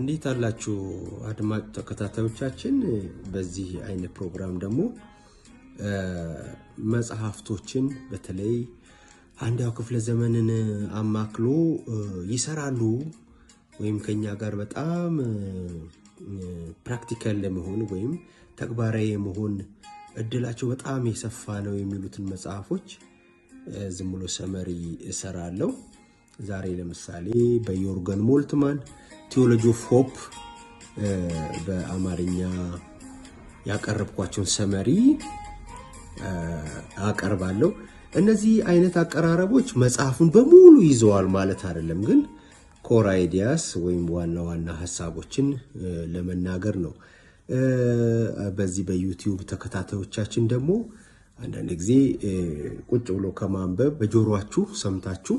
እንዴት አላችሁ አድማጭ ተከታታዮቻችን። በዚህ አይነት ፕሮግራም ደግሞ መጽሐፍቶችን በተለይ አንዳው ክፍለ ዘመንን አማክሎ ይሰራሉ ወይም ከኛ ጋር በጣም ፕራክቲካል ለመሆን ወይም ተግባራዊ የመሆን እድላቸው በጣም የሰፋ ነው የሚሉትን መጽሐፎች ዝም ብሎ ሰመሪ እሰራለሁ። ዛሬ ለምሳሌ በዮርገን ሞልትማን ቴዎሎጂ ኦፍ ሆፕ በአማርኛ ያቀረብኳቸውን ሰመሪ አቀርባለሁ። እነዚህ አይነት አቀራረቦች መጽሐፉን በሙሉ ይዘዋል ማለት አይደለም፣ ግን ኮር አይዲያስ ወይም ዋና ዋና ሀሳቦችን ለመናገር ነው። በዚህ በዩቲዩብ ተከታታዮቻችን ደግሞ አንዳንድ ጊዜ ቁጭ ብሎ ከማንበብ በጆሯችሁ ሰምታችሁ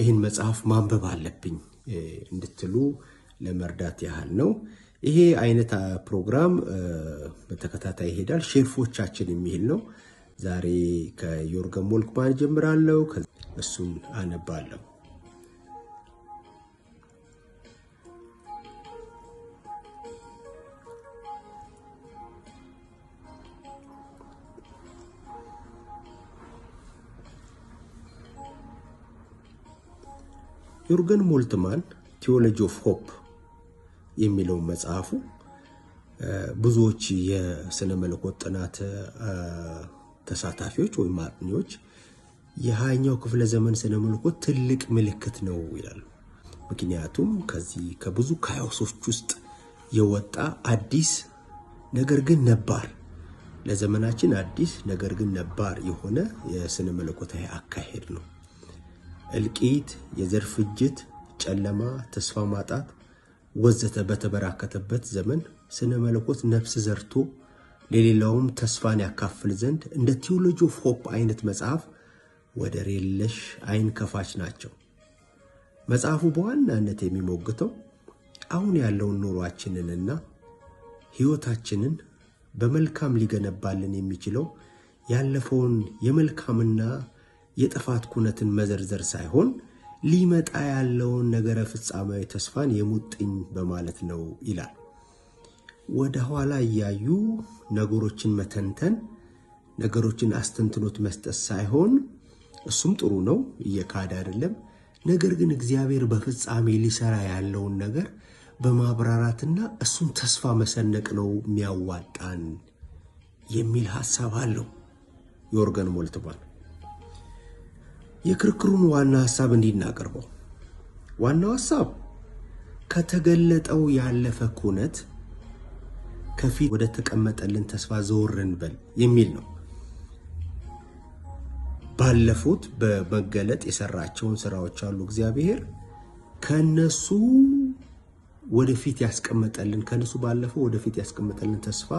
ይህን መጽሐፍ ማንበብ አለብኝ እንድትሉ ለመርዳት ያህል ነው። ይሄ አይነት ፕሮግራም በተከታታይ ይሄዳል። ሼልፎቻችን የሚል ነው። ዛሬ ከዮርገን ሞልክማን ጀምራለሁ። እሱን አነባለሁ። ዮርገን ሞልትማን ቲዮሎጂ ኦፍ ሆፕ የሚለው መጽሐፉ ብዙዎች የስነ መለኮት ጥናት ተሳታፊዎች ወይም አጥኚዎች የሃያኛው ክፍለ ዘመን ስነ መለኮት ትልቅ ምልክት ነው ይላሉ። ምክንያቱም ከዚህ ከብዙ ካዮሶች ውስጥ የወጣ አዲስ ነገር ግን ነባር ለዘመናችን አዲስ ነገር ግን ነባር የሆነ የስነ መለኮታዊ አካሄድ ነው። እልቂት፣ የዘር ፍጅት፣ ጨለማ፣ ተስፋ ማጣት ወዘተ በተበራከተበት ዘመን ስነ መለኮት ነፍስ ዘርቶ ለሌላውም ተስፋን ያካፍል ዘንድ እንደ ቴዎሎጂ ኦፍ ሆፕ አይነት መጽሐፍ ወደር የለሽ አይን ከፋች ናቸው። መጽሐፉ በዋናነት የሚሞግተው አሁን ያለውን ኑሯችንንና ሕይወታችንን በመልካም ሊገነባልን የሚችለው ያለፈውን የመልካምና የጥፋት ኩነትን መዘርዘር ሳይሆን ሊመጣ ያለውን ነገረ ፍጻማዊ ተስፋን የሙጥኝ በማለት ነው ይላል። ወደ ኋላ እያዩ ነገሮችን መተንተን ነገሮችን አስተንትኖት መስጠት ሳይሆን እሱም ጥሩ ነው፣ እየካደ አይደለም። ነገር ግን እግዚአብሔር በፍጻሜ ሊሰራ ያለውን ነገር በማብራራትና እሱን ተስፋ መሰነቅ ነው የሚያዋጣን የሚል ሀሳብ አለው። የኦርገን ሞልትባል የክርክሩን ዋና ሀሳብ እንዲናቀርበው ዋናው ሀሳብ ከተገለጠው ያለፈ ኩነት ከፊት ወደ ተቀመጠልን ተስፋ ዘወር እንበል የሚል ነው። ባለፉት በመገለጥ የሰራቸውን ስራዎች አሉ። እግዚአብሔር ከነሱ ወደፊት ያስቀመጠልን ከነሱ ባለፈው ወደፊት ያስቀመጠልን ተስፋ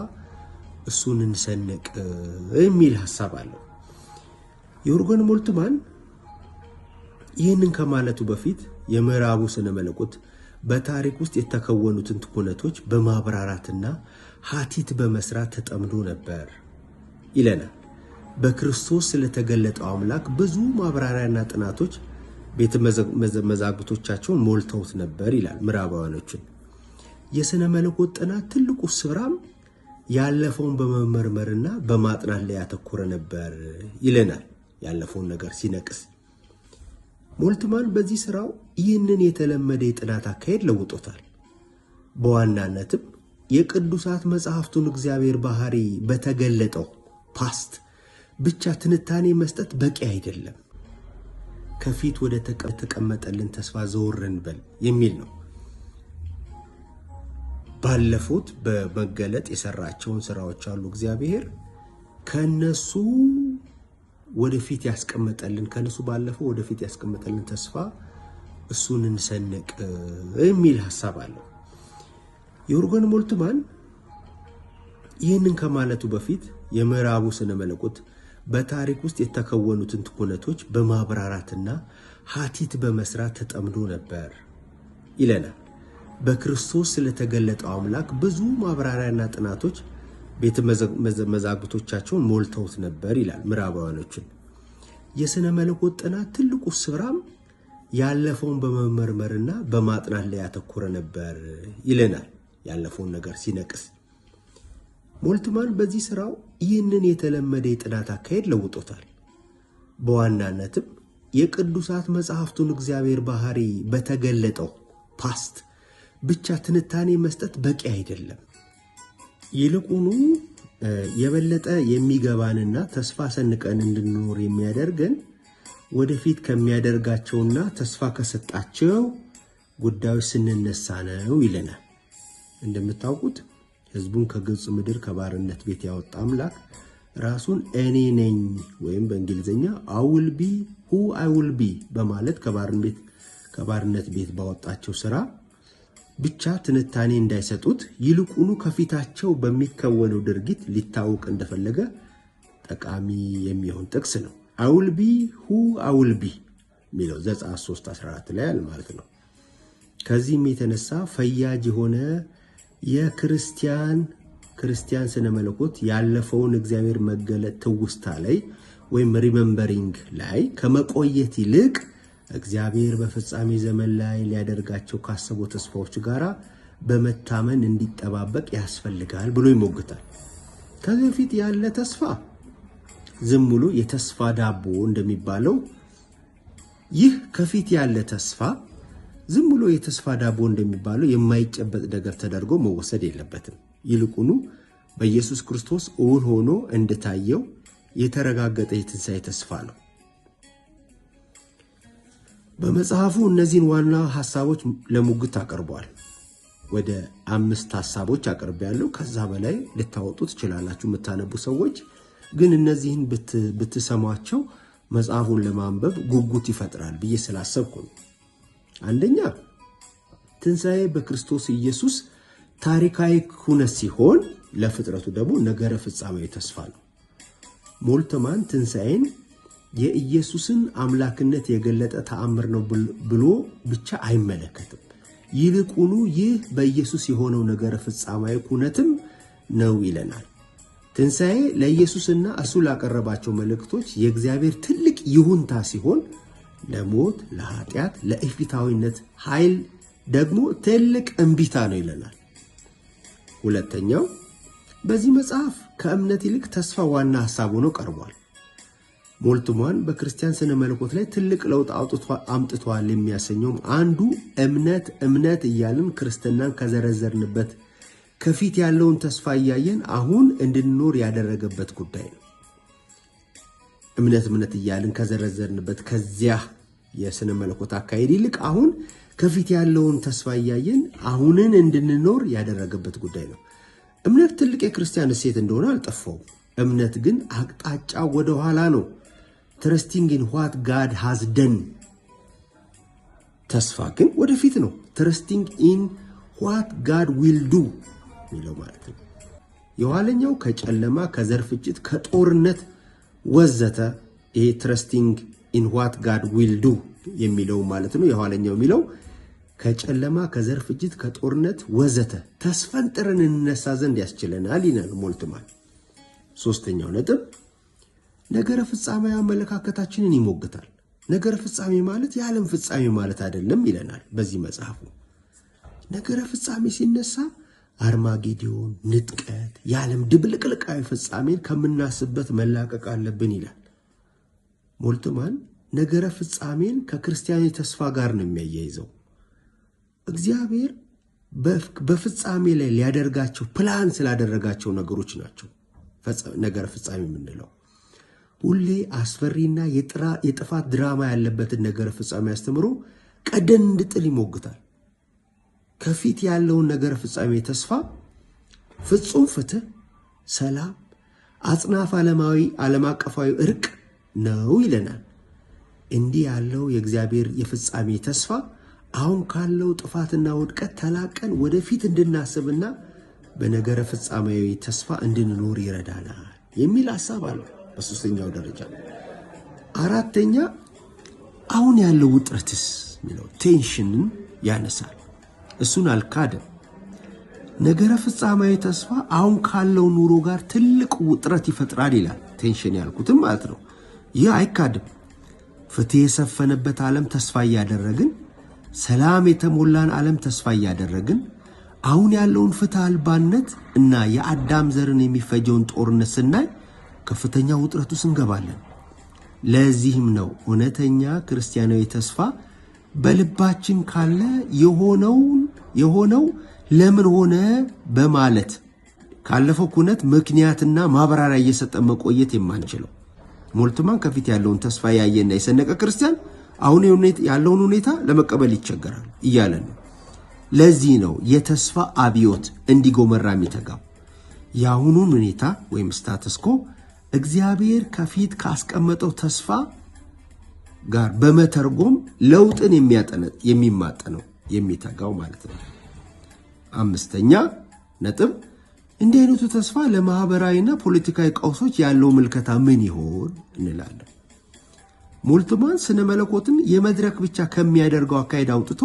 እሱን እንሰንቅ የሚል ሀሳብ አለው። ዮርጎን ሞልትማን ይህንን ከማለቱ በፊት የምዕራቡ ስነ መለኮት በታሪክ ውስጥ የተከወኑትን ኩነቶች በማብራራትና ሀቲት በመስራት ተጠምዶ ነበር ይለናል። በክርስቶስ ስለተገለጠው አምላክ ብዙ ማብራሪያና ጥናቶች ቤተ መዛግብቶቻቸውን ሞልተውት ነበር ይላል ምዕራባውያኖችን። የሥነ መለኮት ጥናት ትልቁ ስራም ያለፈውን በመመርመርና በማጥናት ላይ ያተኮረ ነበር ይለናል። ያለፈውን ነገር ሲነቅስ ሞልትማን በዚህ ስራው ይህንን የተለመደ የጥናት አካሄድ ለውጦታል። በዋናነትም የቅዱሳት መጽሐፍቱን እግዚአብሔር ባህሪ በተገለጠው ፓስት ብቻ ትንታኔ መስጠት በቂ አይደለም፣ ከፊት ወደ ተቀመጠልን ተስፋ ዘወር እንበል የሚል ነው። ባለፉት በመገለጥ የሰራቸውን ስራዎች አሉ እግዚአብሔር ከነሱ ወደፊት ያስቀመጠልን ከነሱ ባለፈው ወደፊት ያስቀመጠልን ተስፋ እሱን እንሰንቅ የሚል ሀሳብ አለው። ዮርገን ሞልትማን ይህንን ከማለቱ በፊት የምዕራቡ ስነ መለኮት በታሪክ ውስጥ የተከወኑትን ትኩነቶች በማብራራትና ሀቲት በመስራት ተጠምዶ ነበር ይለናል። በክርስቶስ ስለተገለጠው አምላክ ብዙ ማብራሪያና ጥናቶች ቤተ መዛግብቶቻቸውን ሞልተውት ነበር ይላል ምዕራባውያኖችን። የሥነ መለኮት ጥናት ትልቁ ስራም ያለፈውን በመመርመርና በማጥናት ላይ ያተኮረ ነበር ይለናል። ያለፈውን ነገር ሲነቅስ ሞልትማን በዚህ ስራው ይህንን የተለመደ የጥናት አካሄድ ለውጦታል። በዋናነትም የቅዱሳት መጽሐፍቱን እግዚአብሔር ባህሪ በተገለጠው ፓስት ብቻ ትንታኔ መስጠት በቂ አይደለም። ይልቁኑ የበለጠ የሚገባንና ተስፋ ሰንቀን እንድንኖር የሚያደርገን ወደፊት ከሚያደርጋቸውና ተስፋ ከሰጣቸው ጉዳዮች ስንነሳ ነው ይለናል። እንደምታውቁት ሕዝቡን ከግብፅ ምድር ከባርነት ቤት ያወጣ አምላክ ራሱን እኔ ነኝ ወይም በእንግሊዝኛ አውልቢ ሁ አይውልቢ በማለት ከባርነት ቤት ባወጣቸው ስራ ብቻ ትንታኔ እንዳይሰጡት ይልቁኑ ከፊታቸው በሚከወነው ድርጊት ሊታወቅ እንደፈለገ ጠቃሚ የሚሆን ጥቅስ ነው። አውልቢ ሁ አውልቢ የሚለው ዘጸአት 3፥14 ላይ ማለት ነው። ከዚህም የተነሳ ፈያጅ የሆነ የክርስቲያን ክርስቲያን ስነ መለኮት ያለፈውን እግዚአብሔር መገለጥ ትውስታ ላይ ወይም ሪመምበሪንግ ላይ ከመቆየት ይልቅ እግዚአብሔር በፍጻሜ ዘመን ላይ ሊያደርጋቸው ካሰቡ ተስፋዎች ጋር በመታመን እንዲጠባበቅ ያስፈልጋል ብሎ ይሞግታል። ከዚህ በፊት ያለ ተስፋ ዝም ብሎ የተስፋ ዳቦ እንደሚባለው ይህ ከፊት ያለ ተስፋ ዝም ብሎ የተስፋ ዳቦ እንደሚባለው የማይጨበጥ ነገር ተደርጎ መወሰድ የለበትም። ይልቁኑ በኢየሱስ ክርስቶስ እውን ሆኖ እንደታየው የተረጋገጠ የትንሣኤ ተስፋ ነው። በመጽሐፉ እነዚህን ዋና ሀሳቦች ለሙግት አቅርቧል። ወደ አምስት ሀሳቦች አቅርብ ያለው ከዛ በላይ ልታወጡ ትችላላችሁ የምታነቡ ሰዎች። ግን እነዚህን ብትሰሟቸው መጽሐፉን ለማንበብ ጉጉት ይፈጥራል ብዬ ስላሰብኩ ነው። አንደኛ ትንሣኤ በክርስቶስ ኢየሱስ ታሪካዊ ኩነት ሲሆን ለፍጥረቱ ደግሞ ነገረ ፍጻሜ ተስፋ ነው። ሞልተማን ትንሣኤን የኢየሱስን አምላክነት የገለጠ ተአምር ነው ብሎ ብቻ አይመለከትም። ይልቁኑ ይህ በኢየሱስ የሆነው ነገር ፍጻማዊ ኩነትም ነው ይለናል። ትንሣኤ ለኢየሱስና እሱ ላቀረባቸው መልእክቶች የእግዚአብሔር ትልቅ ይሁንታ ሲሆን ለሞት፣ ለኃጢአት፣ ለእፊታዊነት ኃይል ደግሞ ትልቅ እምቢታ ነው ይለናል። ሁለተኛው በዚህ መጽሐፍ ከእምነት ይልቅ ተስፋ ዋና ሐሳብ ሆኖ ቀርቧል። ሞልትሟን በክርስቲያን ስነ መለኮት ላይ ትልቅ ለውጥ አምጥተዋል የሚያሰኘውም አንዱ እምነት እምነት እያልን ክርስትናን ከዘረዘርንበት ከፊት ያለውን ተስፋ እያየን አሁን እንድንኖር ያደረገበት ጉዳይ ነው። እምነት እምነት እያልን ከዘረዘርንበት ከዚያ የስነ መለኮት አካሄድ ይልቅ አሁን ከፊት ያለውን ተስፋ እያየን አሁንን እንድንኖር ያደረገበት ጉዳይ ነው። እምነት ትልቅ የክርስቲያን እሴት እንደሆነ አልጠፋውም። እምነት ግን አቅጣጫ ወደኋላ ነው። ትረስቲንግ ኢን ዋት ጋድ ሃዝ ደን። ተስፋ ግን ወደፊት ነው። ትረስቲንግ ኢን ዋት ጋድ ዊል ዱ የሚለው ማለት ነው። የኋለኛው ከጨለማ ከዘር ፍጅት፣ ከጦርነት ወዘተ ይሄ ትረስቲንግ ኢን ዋት ጋድ ዊል ዱ የሚለው ማለት ነው። የኋለኛው የሚለው ከጨለማ ከዘር ፍጅት፣ ከጦርነት ወዘተ ተስፈንጥረን እንነሳ ዘንድ ያስችለናል ይላል ሞልትማል። ሶስተኛው ነጥብ ነገረ ፍጻሜ አመለካከታችንን ይሞግታል። ነገረ ፍጻሜ ማለት የዓለም ፍጻሜ ማለት አይደለም ይለናል በዚህ መጽሐፉ። ነገረ ፍጻሜ ሲነሳ አርማጌዲዮን፣ ንጥቀት፣ የዓለም ድብልቅልቃዊ ፍጻሜን ከምናስበት መላቀቅ አለብን ይላል ሞልትማን። ነገረ ፍጻሜን ከክርስቲያን ተስፋ ጋር ነው የሚያያይዘው። እግዚአብሔር በፍጻሜ ላይ ሊያደርጋቸው ፕላን ስላደረጋቸው ነገሮች ናቸው ነገረ ፍጻሜ የምንለው። ሁሌ አስፈሪና የጥፋት ድራማ ያለበትን ነገር ፍጻሜ አስተምሮ ቀደንድ ጥል ይሞግታል። ከፊት ያለውን ነገር ፍጻሜ ተስፋ፣ ፍጹም ፍትህ፣ ሰላም፣ አጽናፍ ዓለማዊ ዓለም አቀፋዊ እርቅ ነው ይለናል። እንዲህ ያለው የእግዚአብሔር የፍጻሜ ተስፋ አሁን ካለው ጥፋትና ውድቀት ተላቀን ወደፊት እንድናስብና በነገረ ፍጻሜያዊ ተስፋ እንድንኖር ይረዳናል የሚል ሀሳብ አለው። በሶስተኛው ደረጃ አራተኛ አሁን ያለው ውጥረትስ የሚለው ቴንሽንን ያነሳል። እሱን አልካደም። ነገረ ፍጻማዊ ተስፋ አሁን ካለው ኑሮ ጋር ትልቅ ውጥረት ይፈጥራል ይላል። ቴንሽን ያልኩትም ማለት ነው። ይህ አይካድም። ፍትህ የሰፈነበት ዓለም ተስፋ እያደረግን፣ ሰላም የተሞላን ዓለም ተስፋ እያደረግን አሁን ያለውን ፍትህ አልባነት እና የአዳም ዘርን የሚፈጀውን ጦርነት ስናይ ከፍተኛ ውጥረት ውስጥ እንገባለን። ለዚህም ነው እውነተኛ ክርስቲያናዊ ተስፋ በልባችን ካለ የሆነው ለምን ሆነ በማለት ካለፈው ኩነት ምክንያትና ማብራሪያ እየሰጠ መቆየት የማንችለው ሞልትማን ከፊት ያለውን ተስፋ ያየና የሰነቀ ክርስቲያን አሁን ያለውን ሁኔታ ለመቀበል ይቸገራል እያለ ነው። ለዚህ ነው የተስፋ አብዮት እንዲጎመራ የሚተጋው የአሁኑን ሁኔታ ወይም ስታተስኮ እግዚአብሔር ከፊት ካስቀመጠው ተስፋ ጋር በመተርጎም ለውጥን የሚማጠነው የሚተጋው ማለት ነው። አምስተኛ ነጥብ እንዲህ አይነቱ ተስፋ ለማህበራዊና ፖለቲካዊ ቀውሶች ያለው ምልከታ ምን ይሆን እንላለን። ሞልትማን ስነ መለኮትን የመድረክ ብቻ ከሚያደርገው አካሄድ አውጥቶ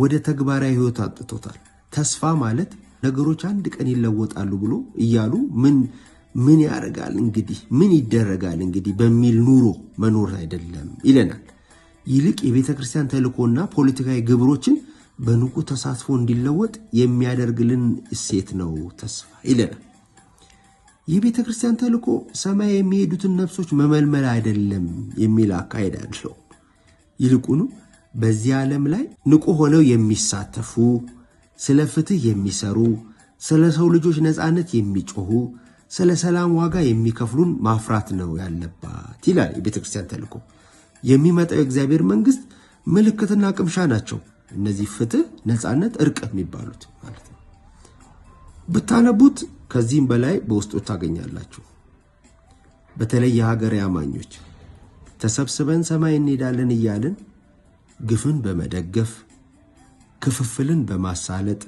ወደ ተግባራዊ ህይወት አጥቶታል። ተስፋ ማለት ነገሮች አንድ ቀን ይለወጣሉ ብሎ እያሉ ምን ምን ያደርጋል እንግዲህ ምን ይደረጋል እንግዲህ በሚል ኑሮ መኖር አይደለም ይለናል። ይልቅ የቤተ ክርስቲያን ተልእኮና ፖለቲካዊ ግብሮችን በንቁ ተሳትፎ እንዲለወጥ የሚያደርግልን እሴት ነው ተስፋ ይለናል። የቤተ ክርስቲያን ተልእኮ ሰማይ የሚሄዱትን ነፍሶች መመልመል አይደለም የሚል አካሄድ አለው። ይልቁኑ በዚህ ዓለም ላይ ንቁ ሆነው የሚሳተፉ፣ ስለ ፍትህ የሚሰሩ፣ ስለ ሰው ልጆች ነፃነት የሚጮሁ ስለ ሰላም ዋጋ የሚከፍሉን ማፍራት ነው ያለባት ይላል የቤተ ክርስቲያን ተልእኮ። የሚመጣው የእግዚአብሔር መንግስት ምልክትና ቅምሻ ናቸው እነዚህ ፍትህ፣ ነፃነት፣ እርቅ የሚባሉት ማለት ነው። ብታነቡት ከዚህም በላይ በውስጡ ታገኛላችሁ። በተለይ የሀገር አማኞች ተሰብስበን ሰማይ እንሄዳለን እያልን ግፍን በመደገፍ ክፍፍልን በማሳለጥ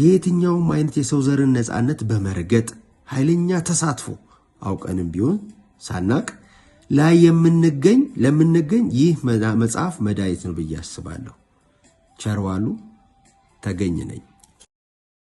የየትኛውም አይነት የሰው ዘርን ነፃነት በመርገጥ ኃይለኛ ተሳትፎ አውቀንም ቢሆን ሳናቅ ላይ የምንገኝ ለምንገኝ ይህ መጽሐፍ መድኃኒት ነው ብዬ አስባለሁ። ቸርዋሉ ተገኝ ነኝ።